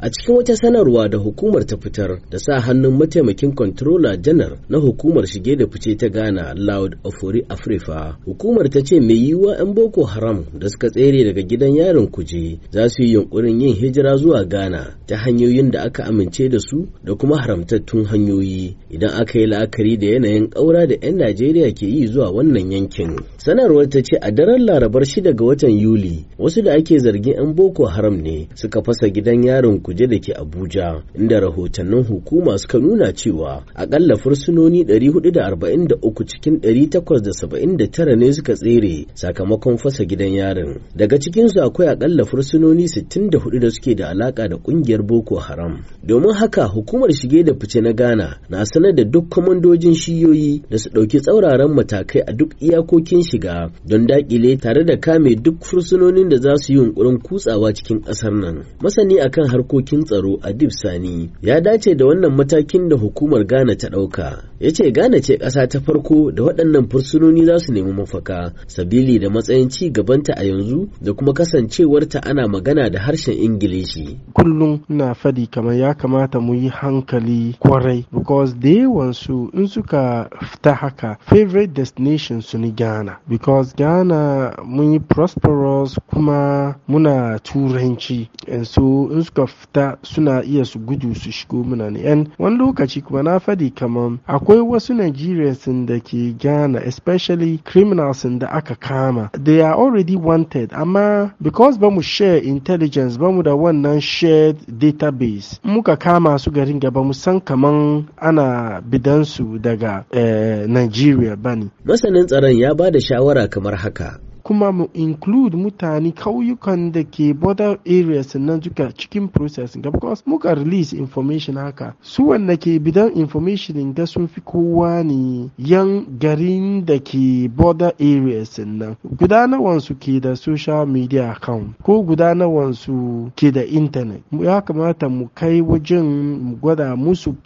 a cikin wata sanarwa da hukumar ta fitar da sa hannun mataimakin controller janar na hukumar shige da fice ta ghana loud ofori afrifa hukumar ta ce mai yiwuwa 'yan boko haram da suka tsere daga gidan yarin kuje za su yi yunkurin yin hijira zuwa ghana ta hanyoyin da aka amince da su da kuma haramtattun hanyoyi idan aka yi la'akari da yanayin ƙaura da 'yan najeriya ke yi zuwa wannan yankin sanarwar ta ce a daren larabar 6 ga watan yuli wasu da ake zargin 'yan boko haram ne suka fasa gidan yarin guje da ke Abuja inda rahotannin hukuma suka nuna cewa akalla fursunoni 443 cikin 879 ne suka tsere sakamakon fasa gidan yarin. Daga cikinsu akwai akalla fursunoni 64 da suke da alaka da kungiyar Boko Haram. Domin haka hukumar shige da fice na Ghana na sanar da duk kwamandojin shiyoyi da su ɗauki tsauraran matakai a duk iyakokin shiga don dakile tare da kame duk fursunonin da za su yi yunkurin kutsawa cikin ƙasar nan. Masani akan harko harkokin tsaro a dib Sani ya dace da wannan matakin da hukumar Ghana ta ɗauka. Ya ce Ghana ce ƙasa ta farko da waɗannan fursunoni za su nemi mafaka sabili da matsayin ci gabanta a yanzu da kuma kasancewarta ana magana da harshen Ingilishi. Kullum na faɗi kamar ya kamata mu yi hankali kwarai because they want yawansu in suka fita haka favorite destination su ni Ghana because Ghana mun yi prosperous kuma muna turanci and so in suka fita suna iya su gudu su shigo muna yan wani lokaci kuma na fadi kamar akwai wasu nigerians da ke ghana especially criminals da aka kama they are already wanted amma because ba mu share intelligence ba mu da wannan shared database muka kama su garin gaba mu san kamar ana bidansu daga eh, nigeria ba ne masanin tsaron ya ba da shawara kamar haka kuma mu include mutane kauyukan da ke border areas na duka cikin process ga because muka release information haka su wanda ke bidan information ga sun fi kowa ne yan garin da ke border areas nan gudanarwansu ke da social media account ko gudanarwansu ke da internet ya kamata mu kai wajen gwada musu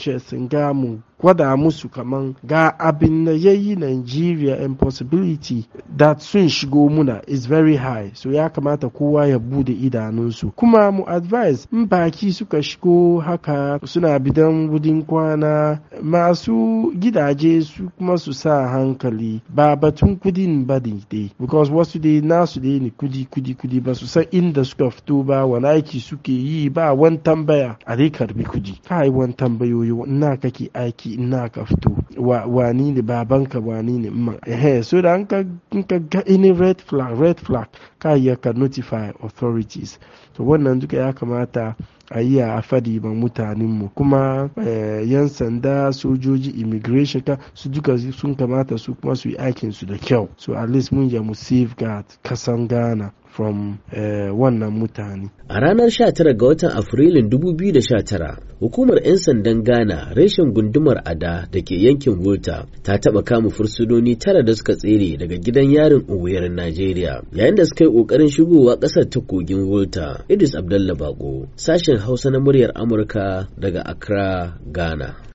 ga mu gwada musu kaman ga abin da ya yi nigeria impossibility that sun shigo muna is very high so ya kamata kowa ya bude idanunsu kuma mu advise in baki suka shigo haka suna bidan gudun kwana masu gidaje su kuma su sa hankali ba batun kudin ba dai because wasu dai nasu dai ne kudi kudi kudi ba su san inda suka fito ba wani aiki suke yi ba wani tambaya a dai karbi kudi kai wani tambayoyi na kake aiki aiki ka fito wa wani ne ka wani ne ma ehe so da an ka ga ini red flag red flag ka ya ka notify authorities to wannan duka ya kamata a yi a fadi mutanen mu kuma eh, yan sanda sojoji immigration ka su duka sun kamata su kuma su yi su da kyau so at least mun ya mu safeguard kasan ghana from eh, wannan mutane. A ranar 19 ga watan Afrilun 2019, hukumar 'yan sandan Ghana reshen gundumar Ada da ke yankin Volta ta taɓa kama fursunoni tara da suka tsere daga gidan yarin Uwayar Najeriya yayin da suka yi ƙoƙarin shigowa ƙasar ta kogin Volta. Idris Abdallah Bako, sashen Hausa na muryar Amurka daga Accra, Ghana.